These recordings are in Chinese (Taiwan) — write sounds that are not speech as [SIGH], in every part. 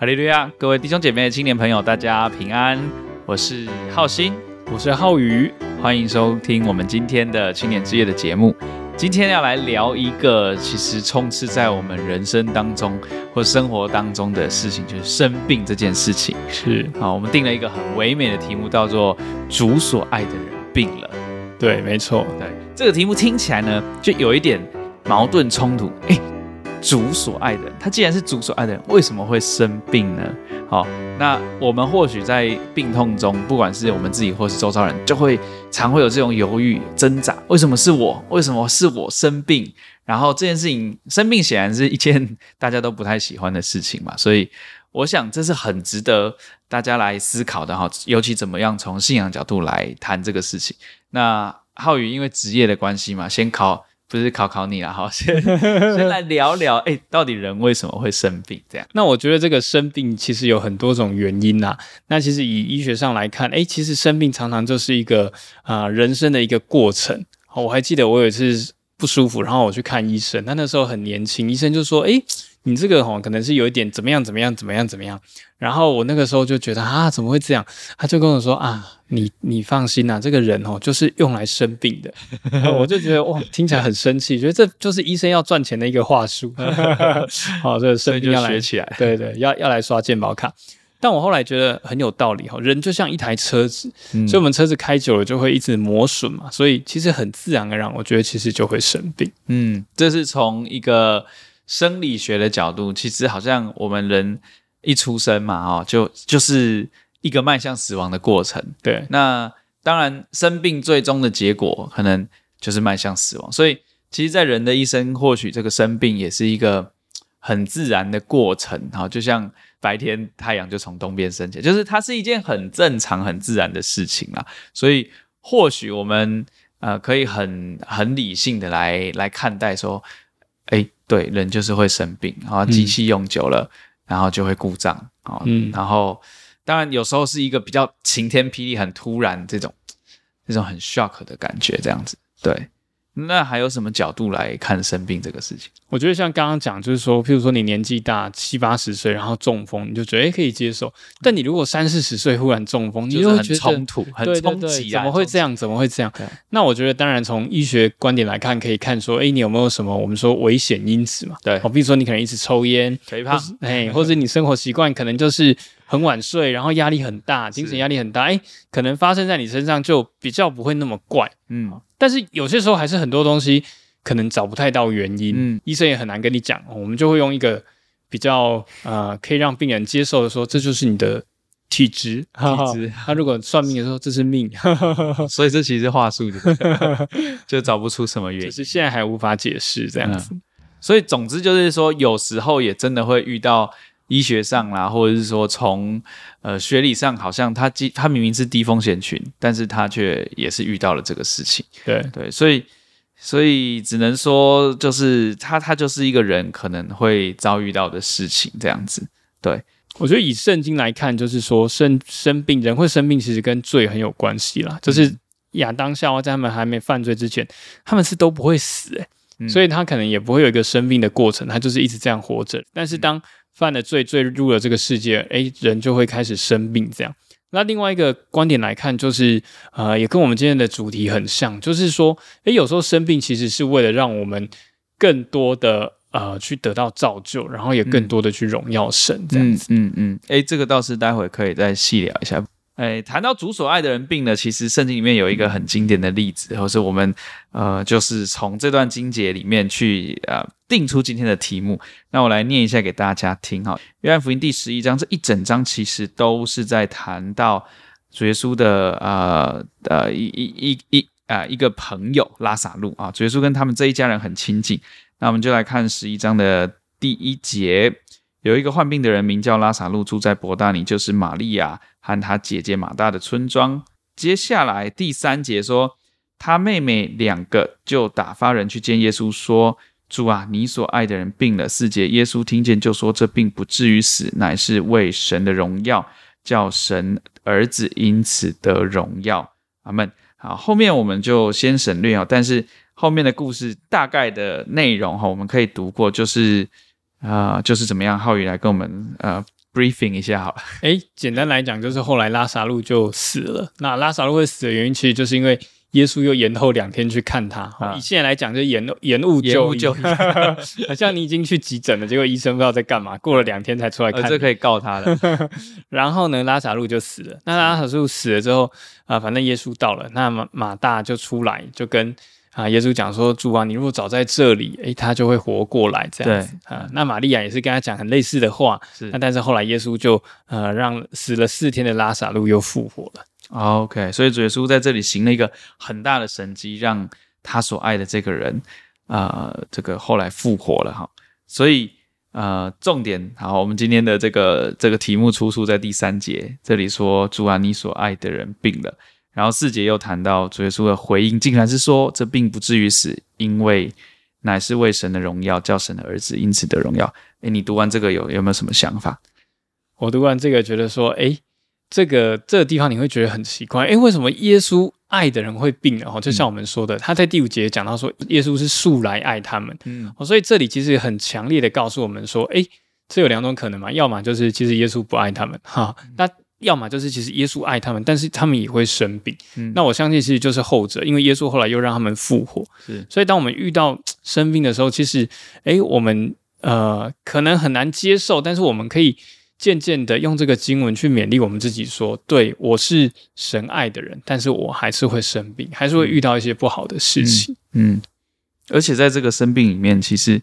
哈利路亞！各位弟兄姐妹、青年朋友，大家平安。我是晧欣，我是晧宇，歡迎收聽我們今天的青年之夜的節目。今天要來聊一個其實充斥在我們人生當中或生活當中的事情，就是生病這件事情。是啊，我們定了一個很唯美的題目，叫做“主所愛的人病了”。對，沒錯。對，這個題目聽起來呢，就有一點矛盾衝突。誒主所愛的人，他既然是主所愛的人，為什麼會生病呢？好，那我們或許在病痛中，不管是我們自己或是周遭人，就會常會有這種猶豫掙扎。為什麼是我？為什麼是我生病？然後這件事情，生病顯然是一件大家都不太喜歡的事情嘛。所以，我想這是很值得大家來思考的哈。尤其怎麼樣從信仰角度來談這個事情。那晧宇因為職業的關係嘛，先考。不是考考你了，好，先先來聊聊，哎、 [LAUGHS] 欸，到底人為什麼會生病？這樣，那我覺得這個生病其實有很多種原因啦、啊。那其實以醫學上來看，哎、欸，其實生病常常就是一個啊、呃、人生的一個過程。我還記得我有一次不舒服，然後我去看醫生，那那時候很年輕，醫生就說，哎、欸。你這個吼、哦，可能是有一點怎麼樣怎麼樣怎麼樣怎麼樣，然後我那個時候就覺得啊，怎麼會這樣？他就跟我說啊，你你放心吶、啊，這個人哦，就是用來生病的。 [LAUGHS] 我就覺得哇，聽起來很生氣，覺得這就是醫生要賺錢的一個話術。好、 [LAUGHS] 哦，這個生病就要來，就是、對，對對，要要來刷健保卡。但我後來覺得很有道理哈、哦，人就像一台車子，嗯、所以我們車子開久了就會一直磨損嘛，所以其實很自然而然，我覺得其實就會生病。嗯，這是從一個。生理學的角度，其實好像我們人一出生嘛，哦，就就是一個邁向死亡的過程。對，那當然生病最終的結果可能就是邁向死亡。所以，其實，在人的一生，或許這個生病也是一個很自然的過程。哈，就像白天太陽就從東邊升起，就是它是一件很正常、很自然的事情啦。所以，或許我們呃可以很很理性的來來看待說。誒、欸，對，人就是會生病啊，然後機器用久了，嗯，然後就會故障啊，然後，嗯，然後當然有時候是一個比較晴天霹靂，很突然這種，這種很 shock 的感覺，這樣子，對。那還有什麼角度來看生病這個事情？我覺得像剛剛講，就是說，譬如說你年紀大七八十歲，然後中風，你就覺得、欸、可以接受。但你如果三四十歲忽然中風，你就會覺得很衝突、很衝擊啊，怎麼會這樣？怎麼會這樣？對那我覺得，當然從醫學觀點來看，可以看說，誒、欸，你有沒有什麼我們說危險因子嘛？對，哦，比如說你可能一直抽菸、肥胖，誒，或者你生活習慣可能就是很晚睡，然後壓力很大，精神壓力很大，誒是、欸，可能發生在你身上就比較不會那麼怪，嗯。但是有些時候還是很多東西可能找不太到原因，嗯、醫生也很難跟你講。我們就會用一個比較呃可以讓病人接受的說，這就是你的體質，體質。他、哦哦、如果算命的時候， [LAUGHS] 這是命，所以這其實是話術的，就找不出什麼原因，是現在還無法解釋這樣子。嗯、所以總之就是說，有時候也真的會遇到。醫學上啦，或者是說從呃學理，上，好像他他明明是低風險群，但是他卻也是遇到了這個事情。對對，所以所以只能說，就是他他就是一個人可能會遭遇到的事情這樣子。對，我覺得以聖經來看，就是說生生病人會生病，其實跟罪很有關係啦。嗯、就是亞當夏娃在他們還沒犯罪之前，他們是都不會死誒、欸，嗯、所以他可能也不會有一個生病的過程，他就是一直這樣活着。但是當、嗯犯了罪，墜入了這個世界，哎，人就會開始生病這樣。那另外一個觀點來看，就是，呃，也跟我們今天的主題很像，就是說，哎，有時候生病其實是為了讓我們更多的呃去得到造就，然後也更多的去榮耀神這樣子。嗯嗯，哎，這個倒是待會可以再細聊一下。哎，談到主所愛的人病呢，其實聖經裡面有一個很經典的例子，或是我們呃，就是從這段經節裡面去呃，定出今天的題目。那我來念一下給大家聽哈。約翰福音第十一章，這一整章其實都是在談到主耶穌的呃呃一一一一啊一個朋友拉撒路啊，主耶穌跟他們這一家人很親近。那我們就來看十一章的第一節。有一個患病的人，名叫拉撒路，住在伯大尼，就是瑪利亞和他姐姐馬大的村莊。接下來第三節說，他妹妹兩個就打發人去見耶穌說，說：“主啊，你所愛的人病了。”四節，耶穌聽見就說：“這病不至於死，乃是為神的榮耀，叫神兒子因此得榮耀。”阿門。好，後面我們就先省略啊，但是後面的故事大概的內容哈，我們可以讀過，就是。啊、呃，就是怎麼樣？晧宇來跟我們呃 briefing 一下好了。哎、欸，簡單來講，就是後來拉薩路就死了。那拉薩路會死的原因，其實就是因為耶穌又延後兩天去看他。啊、以現在來講，就延延誤延誤就醫好像你已經去急診了，結果醫生不知道在幹嘛，過了兩天才出來看、呃。這可以告他的。 [LAUGHS] 然後呢，拉薩路就死了。那拉薩路死了之後啊、呃，反正耶穌到了，那馬馬大就出來，就跟。啊，耶穌講說，主啊，你如果早在這裡，誒，他就會活過來這樣子對啊。那瑪利亞也是跟他講很類似的話，是。那、啊、但是後來耶穌就呃，讓死了四天的拉撒路又復活了。OK，所以主耶穌在這裡行了一個很大的神蹟，讓他所愛的這個人啊、呃，這個後來復活了哈。所以呃，重點好，我們今天的這個這個題目出處在第三節這裡說，主啊，你所愛的人病了。然後四節又談到主耶穌的回應，竟然是說這並不至於死，因為乃是為神的榮耀叫神的兒子因此得榮耀。誒，你讀完這個有有沒有什麼想法？我讀完這個覺得說，誒，這個這個地方你會覺得很奇怪，誒，為什麼耶穌愛的人會病呢？哈，就像我們說的，嗯、他在第五節講到說耶穌是素來愛他們，嗯，哦，所以這裡其實也很強烈的告訴我們說，誒，這有兩種可能嘛，要麼就是其實耶穌不愛他們，哈，那、嗯。要麼就是其實耶穌愛他們，但是他們也會生病。嗯，那我相信其實就是後者，因為耶穌後來又讓他們復活。是，所以當我們遇到生病的時候，其實，誒，我們呃可能很難接受，但是我們可以漸漸的用這個經文去勉勵我們自己，說：對，我是神愛的人，但是我還是會生病，還是會遇到一些不好的事情。嗯，嗯，而且在這個生病裡面，其實，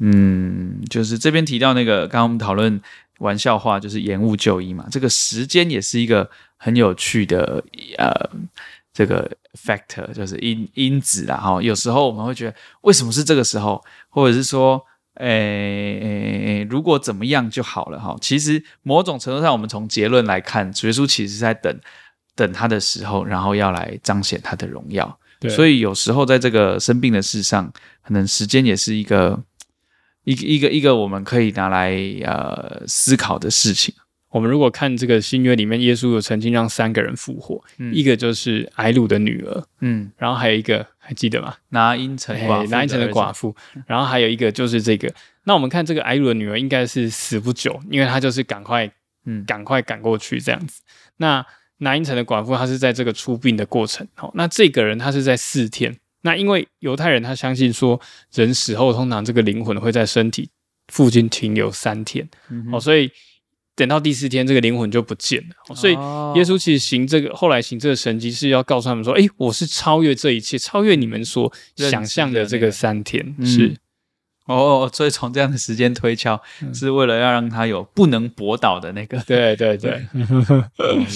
嗯，就是這邊提到那個，剛剛我們討論。玩笑話就是延誤就醫嘛，這個時間也是一個很有趣的呃，這個 factor 就是因因子啦。哈，有時候我們會覺得為什麼是這個時候，或者是說，誒、欸、誒、欸，如果怎麼樣就好了哈。其實某種程度上，我們從結論來看，主耶穌其實在等等他的時候，然後要來彰顯他的榮耀。對。所以有時候在這個生病的事上，可能時間也是一個。一一個一個我們可以拿來呃思考的事情。我們如果看這個新約裡面，耶穌有曾經讓三個人復活，嗯、一個就是艾魯的女兒，嗯，然後還有一個還記得嗎？拿因城、呃、嘿拿因城的寡婦，寡婦然後還有一個就是這個。嗯、那我們看這個艾魯的女兒應該是死不久，因為她就是趕快趕快趕過去這樣子。嗯、那拿因城的寡婦她是在這個出殯的過程，哦，那這個人他是在四天。那因為猶太人他相信說，人死後通常這個靈魂會在身體附近停留三天，嗯、哼哦，所以等到第四天這個靈魂就不見了。哦、所以耶穌其實行這個後來行這個神蹟是要告訴他們說，哎，我是超越這一切，超越你們所想象的這個三天、那個嗯、是。哦，所以從這樣的時間推敲，嗯、是為了要讓他有不能駁倒的那個。對對對 [LAUGHS] 嗯，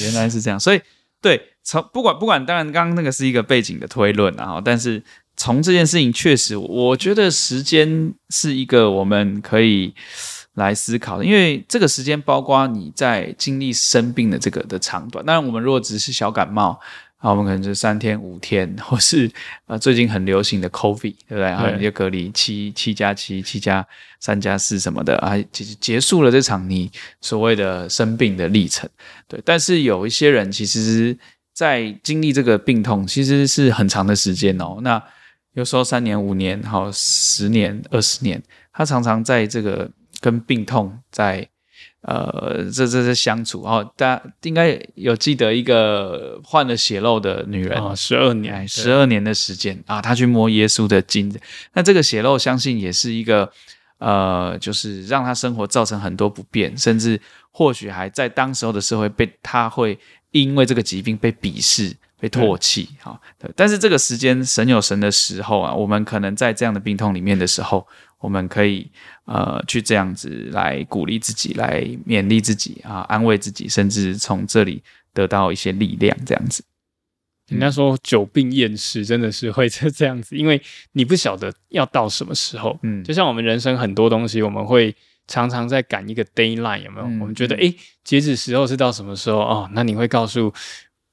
原來是這樣，所以。對，從不管不管，當然剛剛那個是一個背景的推論，然後，但是從這件事情確實，我覺得時間是一個我們可以來思考的，因為這個時間包括你在經歷生病的這個的長短。當然，我們如果只是小感冒。好，我們可能就三天五天，或是啊、呃，最近很流行的 COVID，對不對？然後你就隔離七七加七七加三加四什麼的啊，其實結束了這場你所謂的生病的歷程。對，但是有一些人其實，在經歷這個病痛，其實是很長的時間哦。那有時候三年五年，好十年二十年，他常常在這個跟病痛在。呃，這這是相處哦，大家應該有記得一個患了血漏的女人十二、哦、年，十二、哎、年的時間對啊，她去摸耶穌的襟，那這個血漏相信也是一個呃，就是讓她生活造成很多不便，甚至或許還在當時候的社會被她會因為這個疾病被鄙視。被唾棄、嗯啊，但是這個時間神有神的時候啊，我們可能在這樣的病痛裡面的時候，我們可以呃去這樣子來鼓勵自己，來勉勵自己啊，安慰自己，甚至從這裡得到一些力量，這樣子。人家、嗯、說久病厭世，真的是會這這樣子，因為你不曉得要到什麼時候，嗯，就像我們人生很多東西，我們會常常在趕一個 deadline，有沒有？我們覺得、嗯、誒，截止時候是到什麼時候哦？那你會告訴？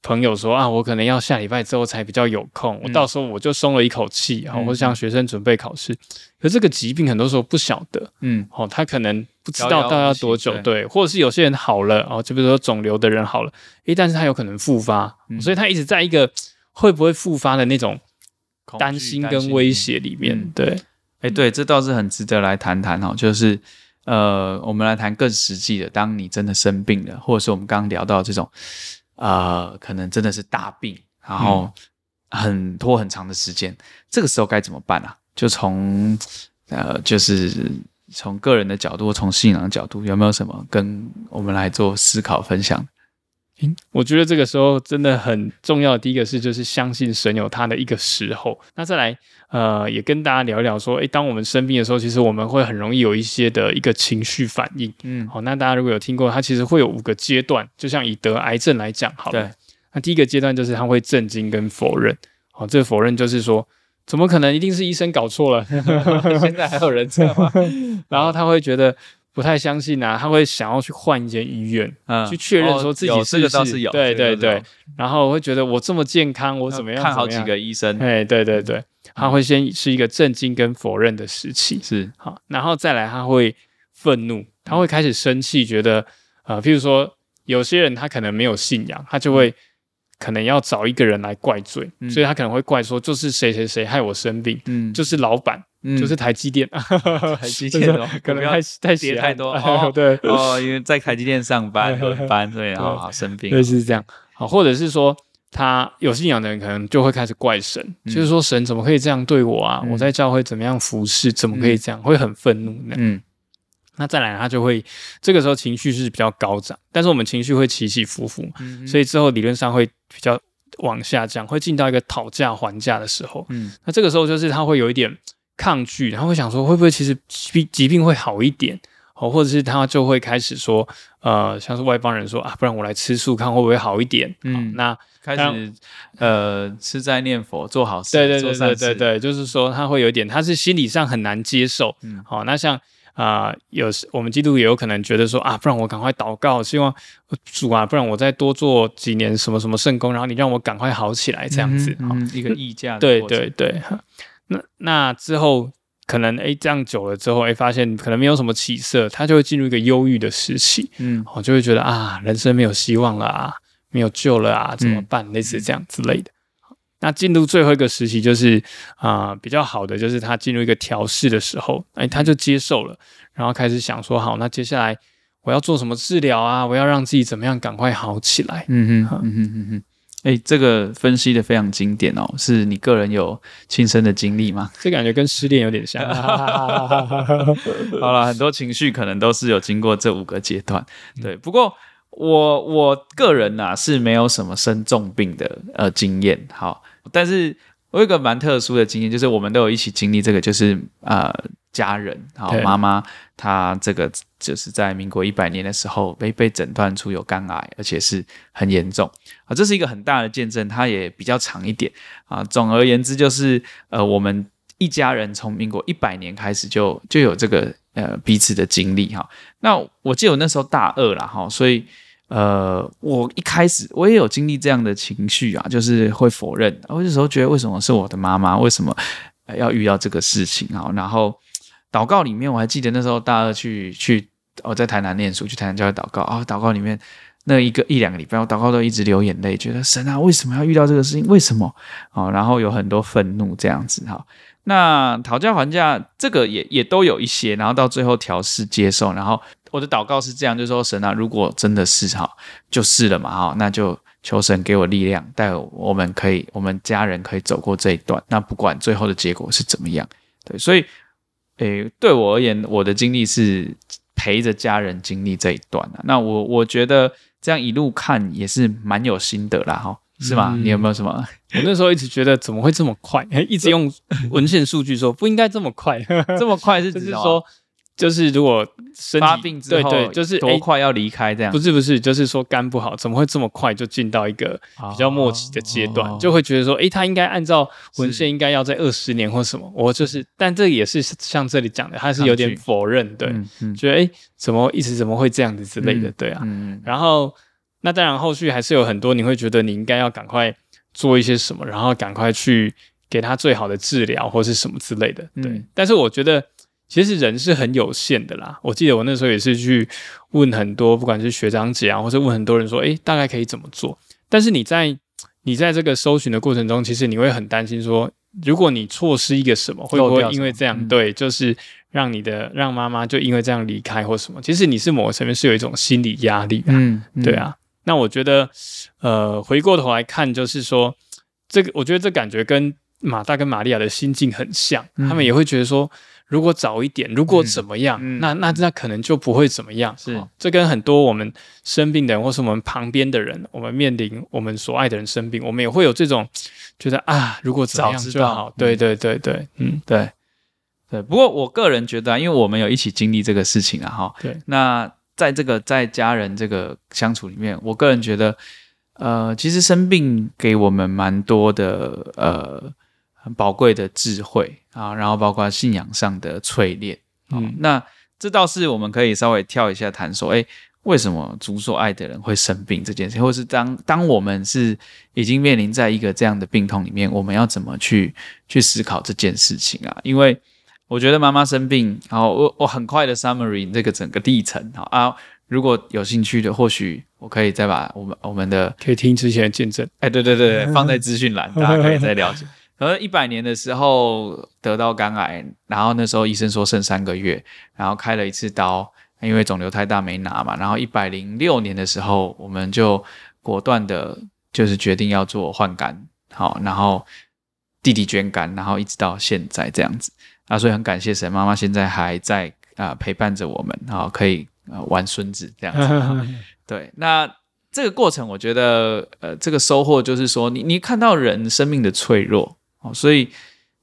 朋友說啊，我可能要下禮拜之後才比較有空，嗯、我到時候我就鬆了一口氣啊。然後我像學生準備考試，嗯、可是這個疾病很多時候不曉得，嗯，哦，他可能不知道到要多久，搖搖，對，對，或者是有些人好了哦，就比如說腫瘤的人好了，誒，但是他有可能復發，嗯、所以他一直在一個會不會復發的那種擔心跟威脅裡面。嗯嗯、對，哎、嗯，對，這倒是很值得來談談哦，就是呃，我們來談更實際的，當你真的生病了，或者是我們剛剛聊到這種。呃，可能真的是大病，然後很拖很長的時間，嗯，這個時候該怎麼辦啊？就從呃，就是從個人的角度，從信仰的角度，有沒有什麼跟我們來做思考分享？嗯，我覺得這個時候真的很重要的第一個是，就是相信神有他的一個時候。那再來。呃，也跟大家聊一聊說，誒、欸，當我們生病的時候，其實我們會很容易有一些的一個情緒反應。嗯，好、哦，那大家如果有聽過，他其實會有五個階段。就像以得癌症來講，好的，那對第一個階段就是他會震驚跟否認。哦，這個否認就是說，怎麼可能？一定是醫生搞錯了。 [LAUGHS] 現在還有人這樣嗎？ [LAUGHS] 然後他會覺得不太相信啊，他會想要去換一間醫院，嗯，去確認說自己是不是、哦、這個倒是有。對，對對對。然後會覺得我這麼健康，我怎麼樣？看好幾個醫生。哎、欸，對對對，對。他會先是一個震驚跟否認的時期，是好，然後再來他會憤怒，他會開始生氣，覺得，呃，譬如說有些人他可能沒有信仰，他就會可能要找一個人來怪罪，所以他可能會怪說就是誰誰誰害我生病，就是老闆，就是台積電，台積電哦，可能太太寫太多哦，對哦，因為在台積電上班，對，對，啊，生病，對，是這樣，好，或者是說。他有信仰的人可能就會開始怪神，嗯、就是說神怎麼可以這樣對我啊？嗯、我在教會怎麼樣服侍，怎麼可以這樣？嗯、會很憤怒。嗯，那再來他就會這個時候情緒是比較高漲，但是我們情緒會起起伏伏，嗯嗯，所以之後理論上會比較往下降，會進到一個討價還價的時候。嗯，那這個時候就是他會有一點抗拒，他會想說會不會其實疾病會好一點？或者是他就會開始說，呃，像是外邦人說啊，不然我來吃素看會不會好一點。嗯，那開始樣呃，吃齋念佛做好事，對對對對對,對對對，就是說他會有一點，他是心理上很難接受。嗯，好、哦，那像啊、呃，有時我們基督也有可能覺得說啊，不然我趕快禱告，希望主啊，不然我再多做幾年什麼什麼聖工，然後你讓我趕快好起來這樣子。嗯，嗯一個議價，對對對。哈，那那之後。可能，哎，這樣久了之後，哎，發現可能沒有什麼起色，他就會進入一個憂鬱的時期，嗯，我就會覺得啊，人生沒有希望了啊，沒有救了啊，怎麼辦？嗯、類似這樣之類的。嗯、那進入最後一個時期，就是啊、呃，比較好的就是他進入一個調試的時候，哎，他就接受了，嗯、然後開始想說，好，那接下來我要做什麼治療啊？我要讓自己怎麼樣趕快好起來？嗯哼，嗯哼，嗯哼，嗯哼。欸，這個分析得非常經典哦，是你個人有親身的經歷嗎？這個感覺跟失戀有點像。好了，很多情緒可能都是有經過這五個階段。對，不過我我個人吶、啊、是沒有什麼生重病的呃經驗。好，但是我有一個蠻特殊的經驗，就是我們都有一起經歷這個，就是啊。呃家人然後對媽媽，她這個就是在民國一百年的時候被被診斷出有肝癌，而且是很嚴重啊，這是一個很大的見證。她也比較長一點啊。總而言之，就是呃，我們一家人從民國一百年開始就就有這個呃彼此的經歷哈。那我記得我那時候大二了哈，所以呃，我一開始我也有經歷這樣的情緒啊，就是會否認。我、哦、有時候覺得為什麼是我的媽媽，為什麼要遇到這個事情啊？然後。禱告裡面，我還記得那時候大二去去我在台南念書，去台南教會禱告啊、哦。禱告裡面那一個一兩個禮拜，我禱告都一直流眼淚，覺得神啊，為什麼要遇到這個事情？為什麼啊、哦？然後有很多憤怒這樣子哈。那討價還價這個也也都有一些，然後到最後調適接受。然後我的禱告是這樣，就是說神啊，如果真的是哈，就是了嘛哈，那就求神給我力量，帶我們可以，我們家人可以走過這一段。那不管最後的結果是怎麼樣，對，所以。誒、欸，對我而言，我的經歷是陪着家人經歷這一段，啊、那我我覺得這樣一路看也是蠻有心得啦，哦，哈，是嗎？嗯、你有沒有什麼？我那時候一直覺得怎麼會這麼快？一直用文獻數據說不應該這麼快， [LAUGHS] 這麼快是只是說。 [LAUGHS] 就是如果生病之後，對對，就是多快要離開這樣。不是不是，就是說肝不好，怎麼會這麼快就進到一個比較末期的階段？哦、就會覺得說，哎，他應該按照文獻應該要在二十年或什麼。是我就是，但這也是像這裡講的，他是有點否認，去對，嗯嗯、覺得哎，怎麼一直怎麼會這樣子之類的，嗯、對啊。嗯嗯、然後那當然，後續還是有很多你會覺得你應該要趕快做一些什麼，然後趕快去給他最好的治療或是什麼之類的，對。嗯、但是我覺得。其實人是很有限的啦。我記得我那時候也是去問很多，不管是學長姐啊，或者問很多人說，哎、欸，大概可以怎麼做？但是你在你在這個搜尋的過程中，其實你會很擔心說，如果你錯失一個什麼，會不會因為這樣？對，就是讓你的讓媽媽就因為這樣離開或什麼。其實你是某個層面是有一種心理壓力的、啊嗯。嗯，對啊。那我覺得，呃，回過頭來看，就是說，這個我覺得這感覺跟馬大跟瑪利亞的心境很像，嗯、他們也會覺得說。如果早一點，如果怎麼樣，嗯嗯、那那那可能就不會怎麼樣。是，這跟很多我們生病的人，哦、或是我們旁邊的人，我們面臨我們所愛的人生病，我們也會有這種覺得啊，如果早知道就好，嗯、對對對對，嗯，對對。不過我個人覺得、啊，因為我們有一起經歷這個事情啊、哦。哈對。那在這個在家人這個相處裡面，我個人覺得，呃，其實生病給我們蠻多的呃，很寶貴的智慧。啊，然後包括信仰上的淬煉，哦、嗯，那這倒是我們可以稍微跳一下談說，誒，為什麼主所愛的人會生病這件事情，或是當當我們是已經面臨在一個這樣的病痛裡面，我們要怎麼去去思考這件事情啊？因為我覺得媽媽生病，然、哦、後我我很快的 summary 這個整個歷程、哦，啊，如果有興趣的，或許我可以再把我們我們的可以聽之前的見證，哎，對，對對對，放在資訊欄， [LAUGHS] 大家可以再了解。 [LAUGHS] 而一百年的時候得到肝癌，然後那時候醫生說剩三個月，然後開了一次刀，因為腫瘤太大沒拿嘛。然後一百零六年的時候，我們就果斷的，就是決定要做換肝，好，然後弟弟捐肝，然後一直到現在這樣子。啊，所以很感謝神，媽媽現在還在啊、呃、陪伴着我們，啊，可以啊、呃、玩孫子這樣子。 [LAUGHS] 對，那這個過程我覺得，呃，這個收穫就是說，你你看到人生命的脆弱。哦，所以，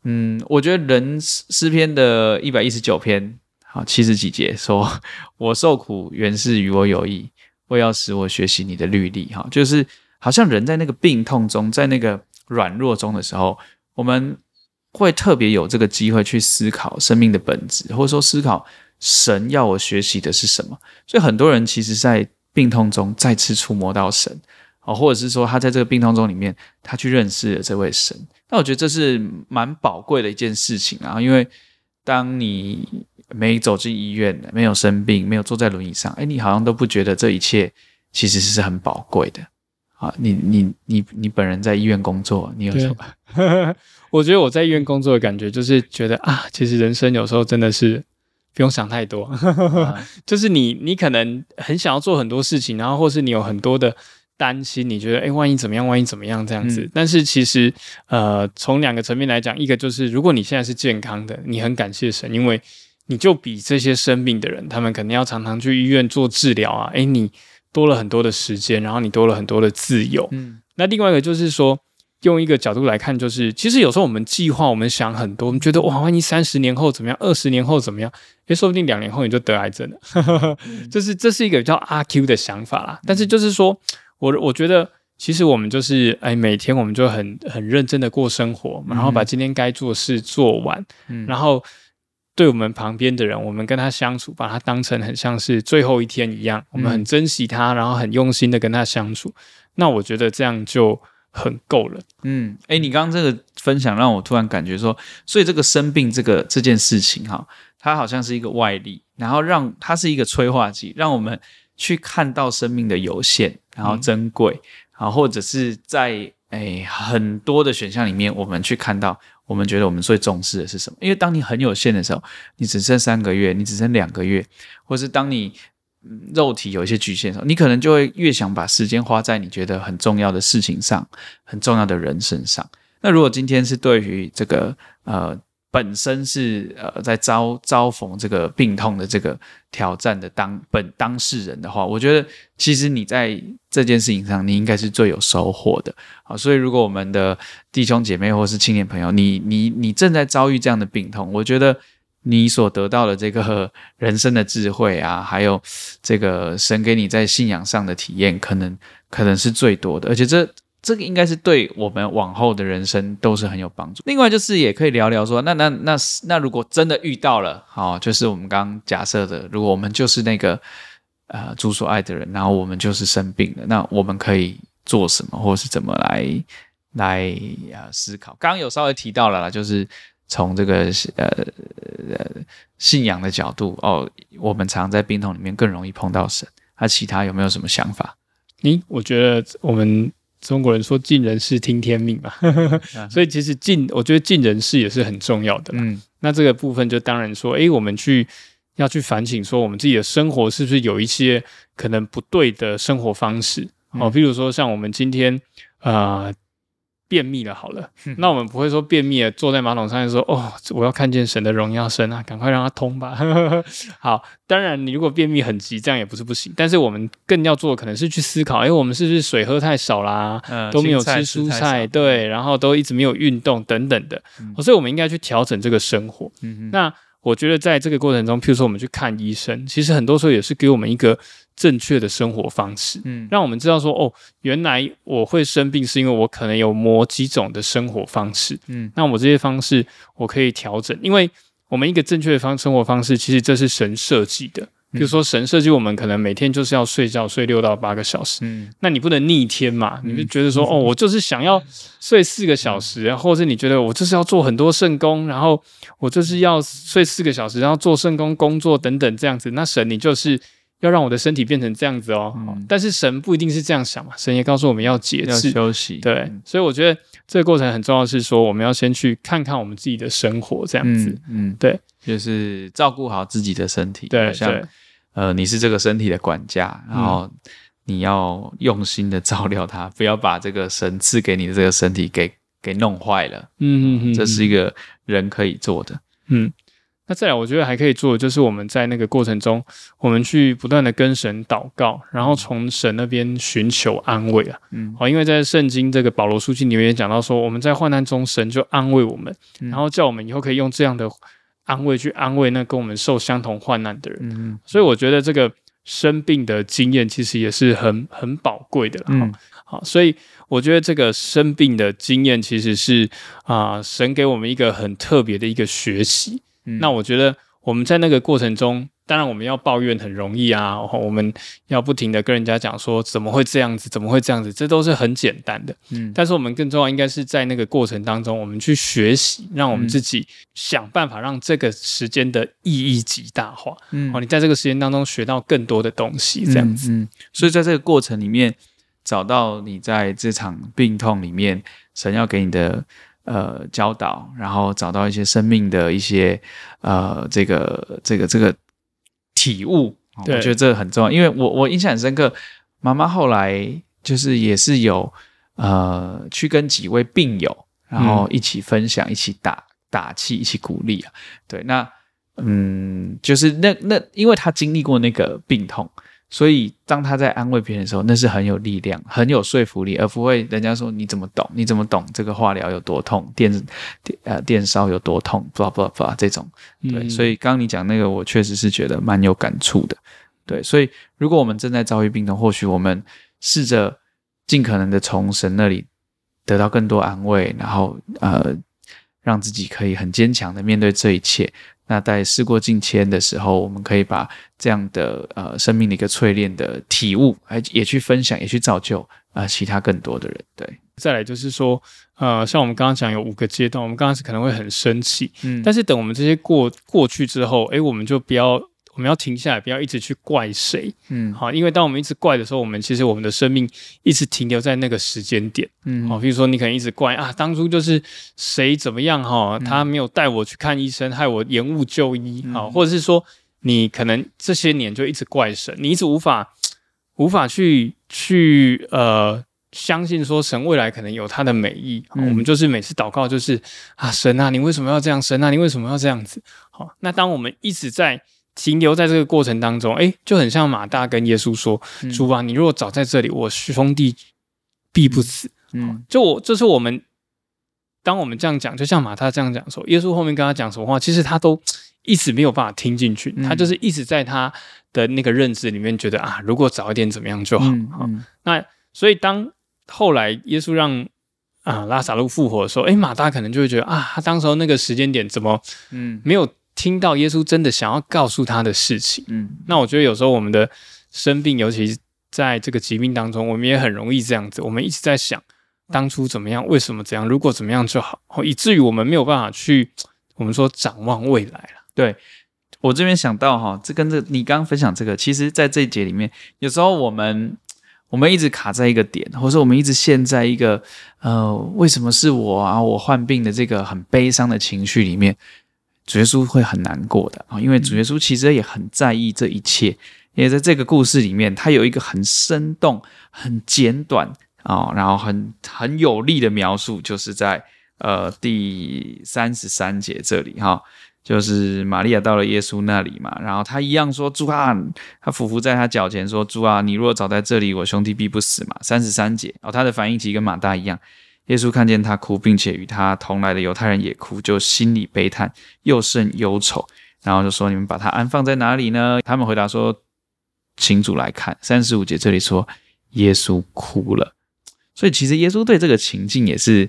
嗯，我覺得《人詩篇》的一百一十九篇，好七十幾節說，說我受苦原是與我有益，為要使我學習你的律例。哈，就是好像人在那個病痛中，在那個軟弱中的時候，我們會特別有這個機會去思考生命的本質，或者說思考神要我學習的是什麼。所以很多人其實，在病痛中再次觸摸到神，哦，或者是說他在這個病痛中裡面，他去認識了這位神。那我覺得這是蠻寶貴的一件事情啊，因為當你沒走進醫院、沒有生病、沒有坐在輪椅上，哎，你好像都不覺得這一切其實是很寶貴的啊。你你你你本人在醫院工作，你有什麼？對 [LAUGHS] 我覺得我在醫院工作的感覺就是覺得啊，其實人生有時候真的是不用想太多， [LAUGHS] 啊、就是你你可能很想要做很多事情，然後或是你有很多的，擔心，你覺得誒、欸，萬一怎麼樣？萬一怎麼樣？這樣子。嗯、但是其實，呃，從兩個層面來講，一個就是，如果你現在是健康的，你很感謝神，因為你就比這些生病的人，他們可能要常常去醫院做治療啊。誒、欸，你多了很多的時間，然後你多了很多的自由。嗯、那另外一個就是說，用一個角度來看，就是其實有時候我們計劃，我們想很多，我們覺得哇，萬一三十年後怎麼樣？二十年後怎麼樣？誒，說不定兩年後你就得癌症了。 [LAUGHS] 就是這是一個比較阿 Q 的想法啦。嗯、但是就是說。我我覺得其實我們就是哎，每天我們就很很認真的過生活，然後把今天該做的事做完，嗯、然後對我們旁邊的人，我們跟他相處，把他當成很像是最後一天一樣，我們很珍惜他，嗯、然後很用心的跟他相處。那我覺得這樣就很夠了。嗯，哎、欸，你剛剛這個分享讓我突然感覺說，所以這個生病這個這件事情哈、哦，它好像是一個外力，然後讓它是一個催化劑，讓我們。去看到生命的有限，然後珍貴，然後或者是在誒、欸、很多的選項裡面，我們去看到我們覺得我們最重視的是什麼？因為當你很有限的時候，你只剩三個月，你只剩兩個月，或是當你肉體有一些局限的時候，你可能就會越想把時間花在你覺得很重要的事情上、很重要的人身上。那如果今天是對於這個呃。本身是呃，在遭遭逢這個病痛的這個挑戰的當本當事人的話，我覺得其實你在這件事情上，你應該是最有收穫的。好、啊，所以如果我們的弟兄姐妹或是青年朋友，你你你正在遭遇這樣的病痛，我覺得你所得到的這個人生的智慧啊，還有這個神給你在信仰上的體驗，可能可能是最多的，而且這。這個應該是對我們往後的人生都是很有幫助。另外就是，也可以聊聊說，那那那那，那那如果真的遇到了，好、哦，就是我們剛剛假設的，如果我們就是那個呃，主所愛的人，然後我們就是生病了，那我們可以做什麼，或是怎麼來來呃思考？剛剛有稍微提到了啦，就是從這個呃呃信仰的角度哦，我們常在病痛裡面更容易碰到神。那、啊、其他有沒有什麼想法？咦，我覺得我們。中國人說盡人事聽天命嘛， [LAUGHS] 所以其實盡，我覺得盡人事也是很重要的嘛。嗯，那這個部分就當然說，哎，我們去，要去反省，說我們自己的生活是不是有一些可能不對的生活方式啊、嗯哦？譬如說，像我們今天啊。呃便秘了，好了，那我們不會說便秘了，坐在馬桶上面說，哦，我要看見神的榮耀，神啊，趕快讓它通吧。 [LAUGHS] 好，當然你如果便秘很急，這樣也不是不行，但是我們更要做的可能是去思考，因、哎、為我們是不是水喝太少啦、啊，嗯、都沒有吃蔬菜，菜對，然後都一直沒有運動等等的，嗯、所以我們應該去調整這個生活。嗯、哼那我覺得在這個過程中，譬如說我們去看醫生，其實很多時候也是給我們一個，正確的生活方式，嗯，讓我們知道說哦，原來我會生病是因為我可能有某幾種的生活方式，嗯，那我這些方式我可以調整，因為我們一個正確的方生活方式，其實這是神設計的。比如說神設計我們可能每天就是要睡覺睡六到八個小時，嗯，那你不能逆天嘛？你就覺得說、嗯、哦，我就是想要睡四個小時，嗯、然後或者你覺得我就是要做很多聖工，然後我就是要睡四個小時，然後做聖工工作等等這樣子，那神你就是要讓我的身體變成這樣子哦，但是神不一定是這樣想嘛。神也告訴我們要節制，要休息，對。所以我覺得這個過程很重要，是說我們要先去看看我們自己的生活這樣子，嗯，對，就是照顧好自己的身體。對，好像呃，你是這個身體的管家，然後你要用心的照料它，不要把這個神賜給你的這個身體給給弄壞了。嗯，這是一個人可以做的。嗯。那再來，我覺得還可以做的就是我們在那個過程中，我們去不斷的跟神禱告，然後從神那邊尋求安慰啊。好、嗯，因為在聖經這個保羅書信裡面也講到說，我們在患難中，神就安慰我們，嗯、然後叫我們以後可以用這樣的安慰去安慰那跟我們受相同患難的人。嗯、所以我覺得這個生病的經驗其實也是很很寶貴的。嗯、好，所以我覺得這個生病的經驗其實是啊、呃，神給我們一個很特別的一個學習。那我覺得我們在那個過程中，當然我們要抱怨很容易啊，我們要不停地跟人家講說怎麼會這樣子，怎麼會這樣子，這都是很簡單的。嗯，但是我們更重要應該是在那個過程當中，我們去學習，讓我們自己想辦法讓這個時間的意義極大化。嗯，你在這個時間當中學到更多的東西，這樣子，嗯嗯。所以在這個過程裡面，找到你在這場病痛裡面，神要給你的。呃，教導，然後找到一些生命的一些呃，這個這個這個體悟，哦、對我覺得這個很重要。因為我我印象很深刻，媽媽後來就是也是有呃，去跟幾位病友，然後一起分享，嗯、一起打打氣，一起鼓勵，對，那嗯，就是那那，因為她經歷過那個病痛。所以，當他在安慰別人的時候，那是很有力量、很有說服力，而不會人家說你怎麼懂？你怎麼懂這個化療有多痛？電、呃、電電燒有多痛？blah blah blah 這種。對，嗯、所以剛剛你講那個，我確實是覺得蠻有感觸的。對，所以如果我們正在遭遇病痛，或許我們試着盡可能的從神那裡得到更多安慰，然後呃。讓自己可以很堅強的面對這一切。那在事過境遷的時候，我們可以把這樣的呃生命的一個淬煉的體悟，還也去分享，也去造就啊、呃、其他更多的人。對，再來就是說，呃，像我們剛剛講有五個階段，我們剛開始可能會很生氣，嗯，但是等我們這些過過去之後，誒，我們就不要。我們要停下來，不要一直去怪誰。嗯，好，因為當我們一直怪的時候，我們其實我們的生命一直停留在那個時間點。嗯，好，比如說你可能一直怪啊，當初就是誰怎麼樣哈，喔嗯、他沒有帶我去看醫生，害我延誤就醫。好、嗯，或者是說你可能這些年就一直怪神，你一直無法無法去去呃相信說神未來可能有他的美意。嗯、我們就是每次禱告就是啊，神啊，你為什麼要這樣？神啊，你為什麼要這樣子？好，那當我們一直在停留在這個過程當中，哎，就很像馬大跟耶穌說：“主、嗯、啊，你若早在這裡，我兄弟必不死。嗯嗯就”就我這是我們，當我們這樣講，就像馬大這樣講說，耶穌後面跟他講什麼話，其實他都一直沒有辦法聽進去，嗯、他就是一直在他的那個認知裡面覺得啊，如果早一點怎麼樣就好。嗯嗯啊、那所以當後來耶穌讓啊拉撒路復活的時候，哎，馬大可能就會覺得啊，他當時候那個時間點怎麼嗯沒有。聽到耶穌真的想要告訴他的事情，嗯，那我覺得有時候我們的生病，尤其在這個疾病當中，我們也很容易這樣子，我們一直在想當初怎麼樣，為什麼這樣，如果怎麼樣就好，以至於我們沒有辦法去我們說展望未來了。對我這邊想到哈，這跟着你剛剛分享這個，其實，在這一節裡面，有時候我們我們一直卡在一個點，或者說我們一直陷在一個呃，為什麼是我啊？我患病的這個很悲傷的情緒裡面。主耶穌會很難過的啊、哦，因為主耶穌其實也很在意這一切。嗯、因為在這個故事裡面，他有一個很生動、很簡短啊、哦，然後很很有力的描述，就是在呃第三十三節這裡哈、哦，就是瑪利亞到了耶穌那裡嘛，然後他一樣說主啊，他俯伏在他腳前說主啊，你若早在這裡，我兄弟必不死嘛。三十三節，哦，他的反應期跟馬大一樣。耶穌看見他哭，並且與他同來的猶太人也哭，就心裡悲嘆，又甚憂愁，然後就說：“你們把他安放在哪裡呢？”他們回答說：“請主來看。”三十五節這裡說耶穌哭了，所以其實耶穌對這個情境也是，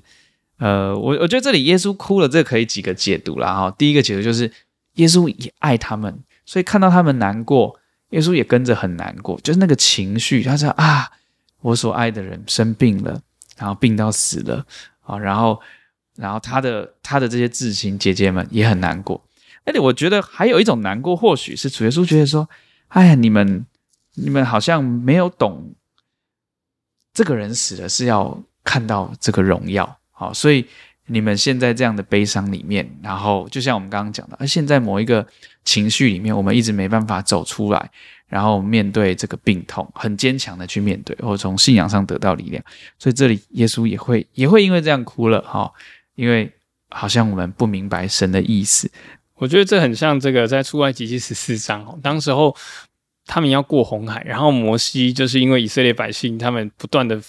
呃，我我覺得這裡耶穌哭了，這個可以幾個解讀了哈。第一個解讀就是耶穌也愛他們，所以看到他們難過，耶穌也跟着很難過，就是那個情緒，他說：“啊，我所愛的人生病了。”然後病到死了啊、哦，然後，然後他的他的這些至親姐姐們也很難過，而且我覺得還有一種難過，或許是主耶穌覺得說，哎呀，你們你們好像沒有懂，這個人死了是要看到這個榮耀啊、哦，所以。你們現在這樣的悲傷裡面，然後就像我們剛剛講的，而現在某一個情緒裡面，我們一直沒辦法走出來，然後面對這個病痛，很堅強的去面對，或從信仰上得到力量。所以這裡耶穌也會也會因為這樣哭了哈、哦，因為好像我們不明白神的意思。我覺得這很像這個在出埃及記十四章哦，當時候他們要過紅海，然後摩西就是因為以色列百姓他們不斷的。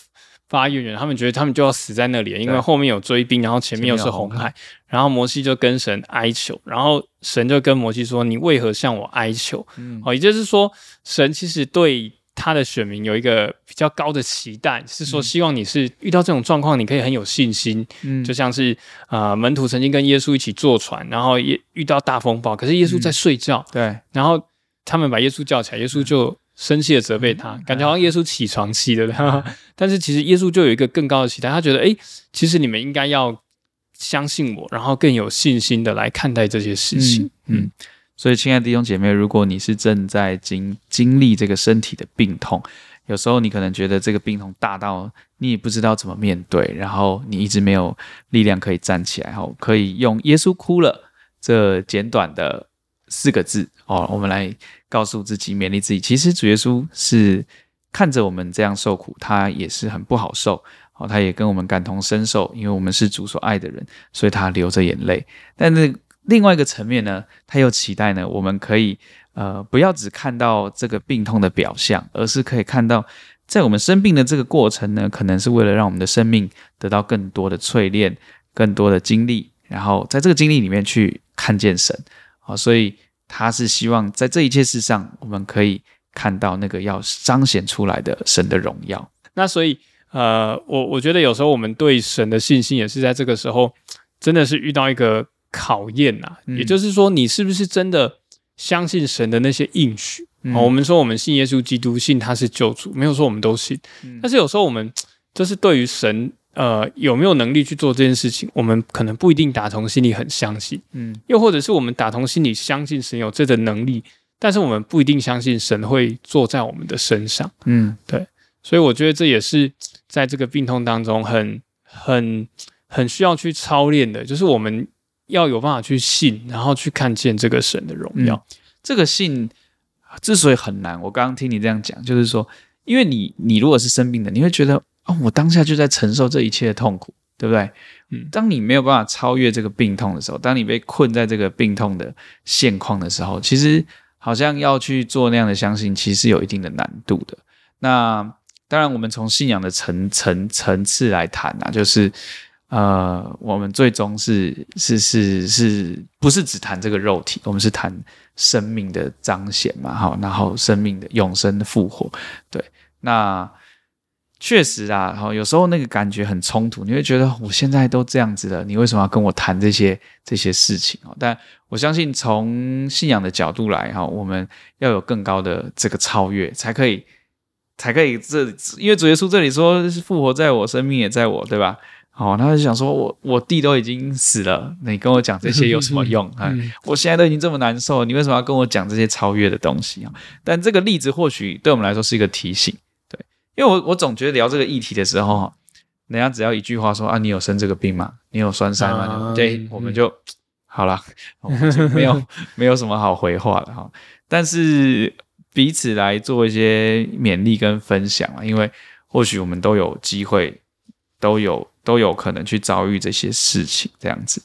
發言人，他們覺得他們就要死在那裡，了，因為後面有追兵，然後前面又對是紅海，紅了然後摩西就跟神哀求，然後神就跟摩西說：“你為何向我哀求？”嗯、哦，也就是說，神其實對他的選民有一個比較高的期待，是說希望你是遇到這種狀況，你可以很有信心。嗯，就像是啊、呃，門徒曾經跟耶穌一起坐船，然後也遇到大風暴，可是耶穌在睡覺。嗯、對，然後他們把耶穌叫起來，耶穌就、嗯。生氣的責備他，感覺好像耶穌起床氣的。嗯、 [LAUGHS] 但是其實耶穌就有一個更高的期待，他覺得，哎，其實你們應該要相信我，然後更有信心的來看待這些事情。嗯，嗯，所以親愛的弟兄姐妹，如果你是正在經經歷這個身體的病痛，有時候你可能覺得這個病痛大到你也不知道怎麼面對，然後你一直沒有力量可以站起來，後可以用耶穌哭了這簡短的。四個字哦，我們來告訴自己，勉勵自己。其實主耶穌是看着我們這樣受苦，他也是很不好受哦，他也跟我們感同身受，因為我們是主所愛的人，所以他流着眼淚。但是另外一個層面呢，他又期待呢，我們可以呃不要只看到這個病痛的表象，而是可以看到在我們生病的這個過程呢，可能是為了讓我們的生命得到更多的淬煉，更多的經歷，然後在這個經歷裡面去看見神。所以他是希望在這一切事上，我們可以看到那個要彰顯出來的神的榮耀。那所以，呃，我我覺得有時候我們對神的信心也是在這個時候，真的是遇到一個考驗吶、啊。嗯、也就是說，你是不是真的相信神的那些應許？嗯、哦，我們說我們信耶穌基督，信他是救主，沒有說我們都信。嗯、但是有時候我們就是對於神。呃，有沒有能力去做這件事情？我們可能不一定打從心裡很相信，嗯，又或者是我們打從心裡相信神有這個能力，但是我們不一定相信神會做在我們的身上，嗯，對。所以我覺得這也是在這個病痛當中很很很需要去操練的，就是我們要有辦法去信，然後去看見這個神的榮耀。嗯。這個信之所以很難，我剛剛聽你這樣講，就是說，因為你你如果是生病的，你會覺得。哦，我當下就在承受這一切的痛苦，對不對？嗯，當你沒有辦法超越這個病痛的時候，當你被困在這個病痛的現況的時候，其實好像要去做那樣的相信，其實有一定的難度的。那當然，我們從信仰的層層層次來談啊，就是呃，我們最終是是是是不是只談這個肉體，我們是談生命的彰顯嘛，哈，然後生命的永生的復活，對，那。確實啊，然後有時候那個感覺很衝突，你會覺得我現在都這樣子了，你為什麼要跟我談這些這些事情啊？但我相信從信仰的角度來哈，我們要有更高的這個超越，才可以才可以這。這因為主耶穌這裡說，復活在我，生命也在我，對吧？哦，他就想說我我弟都已經死了，你跟我講這些有什麼用？ [LAUGHS] 我現在都已經這麼難受，你為什麼要跟我講這些超越的東西啊？但這個例子或許對我們來說是一個提醒。因為我我總覺得聊這個議題的時候，人家只要一句話說啊，你有生這個病嗎？你有栓塞嗎？Uh, 對、嗯我，我們就好了，沒有 [LAUGHS] 沒有什麼好回話的哈。但是彼此來做一些勉勵跟分享啊，因為或許我們都有機會，都有都有可能去遭遇這些事情，這樣子。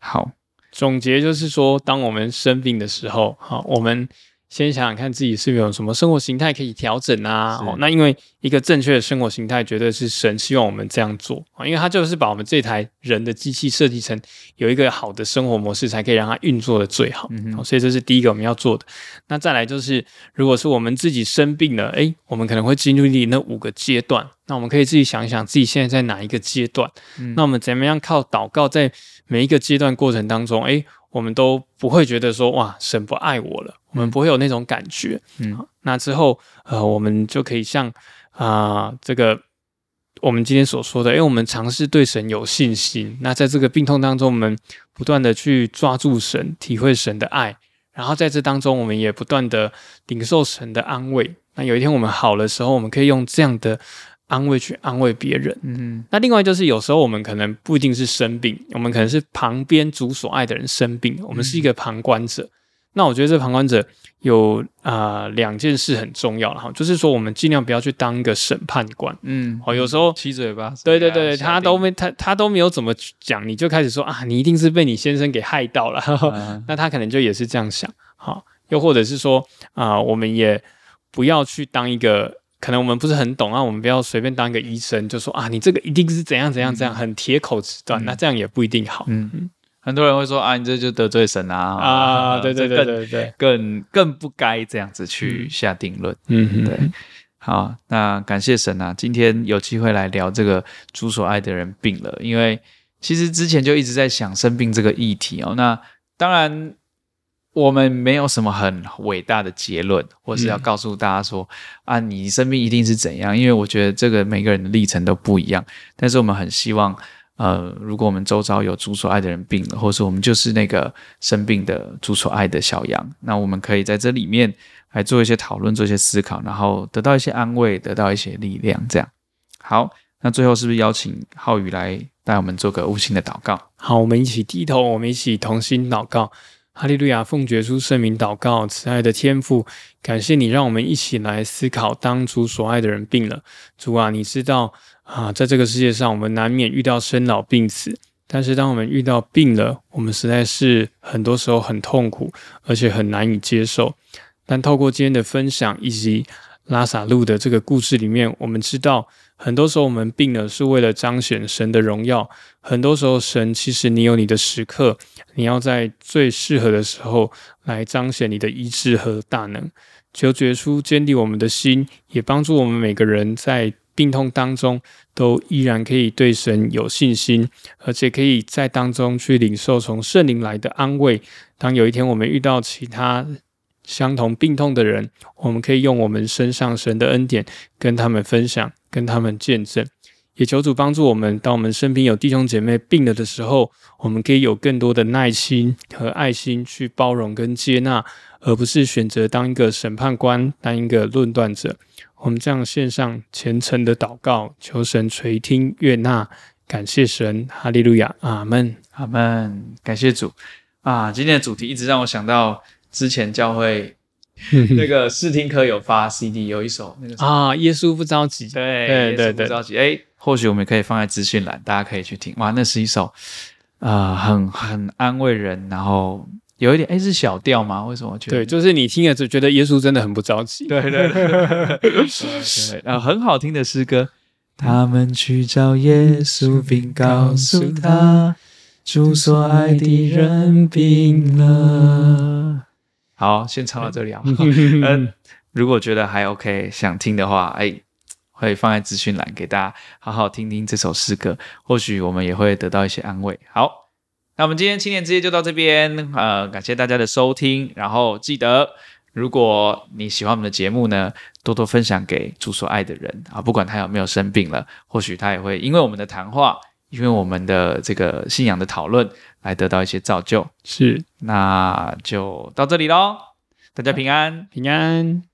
好，總結就是說，當我們生病的時候，哈，我們。先想想看自己是不是有什麼生活形態可以調整啊？是哦，那因為一個正確的生活形態，絕對是神希望我們這樣做啊，因為他就是把我們這台人的機器設計成有一個好的生活模式，才可以讓它運作得最好、嗯哼哦。所以這是第一個我們要做的。那再來就是，如果是我們自己生病了，誒、欸，我們可能會經歷那那五個階段。那我們可以自己想一想，自己現在在哪一個階段？嗯、那我們怎麼樣靠禱告，在每一個階段過程當中，誒、欸。我們都不會覺得說哇，神不愛我了，我們不會有那種感覺。嗯，嗯，那之後呃，我們就可以像啊、呃，這個我們今天所說的，因為我們嘗試對神有信心。那在這個病痛當中，我們不斷的去抓住神，體會神的愛，然後在這當中，我們也不斷的領受神的安慰。那有一天我們好的時候，我們可以用這樣的。安慰去安慰別人，嗯，那另外就是有時候我們可能不一定是生病，我們可能是旁邊主所愛的人生病，我們是一個旁觀者。嗯、那我覺得這旁觀者有啊呃、兩件事很重要哈，就是說我們盡量不要去當一個審判官，嗯，哦，有時候七嘴八舌，對對對，他都沒他他都沒有怎麼講，你就開始說啊，你一定是被你先生給害到了，嗯、 [LAUGHS] 那他可能就也是這樣想，好，又或者是說啊、呃，我們也不要去當一個。可能我們不是很懂啊，我們不要隨便當一個醫生，就說啊，你這個一定是怎樣怎樣怎樣，嗯、很鐵口直斷，啊嗯、那這樣也不一定好。嗯嗯，很多人會說啊，你這就得罪神啊啊，對呵對對對對，更更，更不該這樣子去下定論。嗯嗯，對，嗯、哼好，那感謝神啊，今天有機會來聊這個主所愛的人病了，因為其實之前就一直在想生病這個議題哦。那當然。我們沒有什麼很偉大的結論，或是要告訴大家說、嗯、啊，你生病一定是怎樣？因為我覺得這個每個人的歷程都不一樣。但是我們很希望，呃，如果我們周遭有主所愛的人病了，或是我們就是那個生病的主所愛的小羊，那我們可以在這裡面來做一些討論，做一些思考，然後得到一些安慰，得到一些力量。這樣。好，那最後是不是邀請晧宇來帶我們做個悟性的禱告？好，我們一起低頭，我們一起同心禱告。哈利路亞！奉耶穌聖名禱告，慈愛的天父，感謝你，讓我們一起來思考，當主所愛的人病了，主啊，你知道啊，在這個世界上，我們難免遇到生老病死，但是當我們遇到病了，我們實在是很多時候很痛苦，而且很難以接受。但透過今天的分享以及拉撒路的這個故事裡面，我們知道。很多時候我們病了，是為了彰顯神的榮耀。很多時候，神其實你有你的時刻，你要在最適合的時候來彰顯你的醫治和大能。求主耶穌堅定我們的心，也幫助我們每個人在病痛當中都依然可以對神有信心，而且可以在當中去領受從聖靈來的安慰。當有一天我們遇到其他相同病痛的人，我們可以用我們身上神的恩典跟他們分享。跟他們見證，也求主幫助我們，當我們身邊有弟兄姐妹病了的時候，我們可以有更多的耐心和愛心去包容跟接納，而不是選擇當一個審判官、當一個論斷者。我們這樣獻上虔誠的禱告，求神垂聽悅納，感謝神，哈利路亞，阿門，阿門，感謝主。啊，今天的主題一直讓我想到之前教會。 [LAUGHS] 那個視聽課有發 CD，有一首那個啊，耶穌不着急，對對，耶穌不著急，對對對，哎、欸，或許我們可以放在資訊欄，大家可以去聽。哇，那是一首呃，很很安慰人，然後有一點哎、欸，是小調嗎？為什麼覺得？對，就是你聽了就覺得耶穌真的很不着急。對對對， [LAUGHS] 對對對，然後很好聽的詩歌，他們去找耶穌，並告訴他，主所愛的人病了。好，先唱到這裡啊。 [LAUGHS] 嗯，如果覺得還 OK，想聽的話，哎、欸，會放在資訊欄給大家好好聽聽這首詩歌，或許我們也會得到一些安慰。好，那我們今天青年之夜就到這邊。呃，感謝大家的收聽，然後記得，如果你喜歡我們的節目呢，多多分享給主所愛的人啊，不管他有沒有生病了，或許他也會因為我們的談話。因為我們的這個信仰的討論，來得到一些造就，是，那就到這裡嘍，大家平安，平安。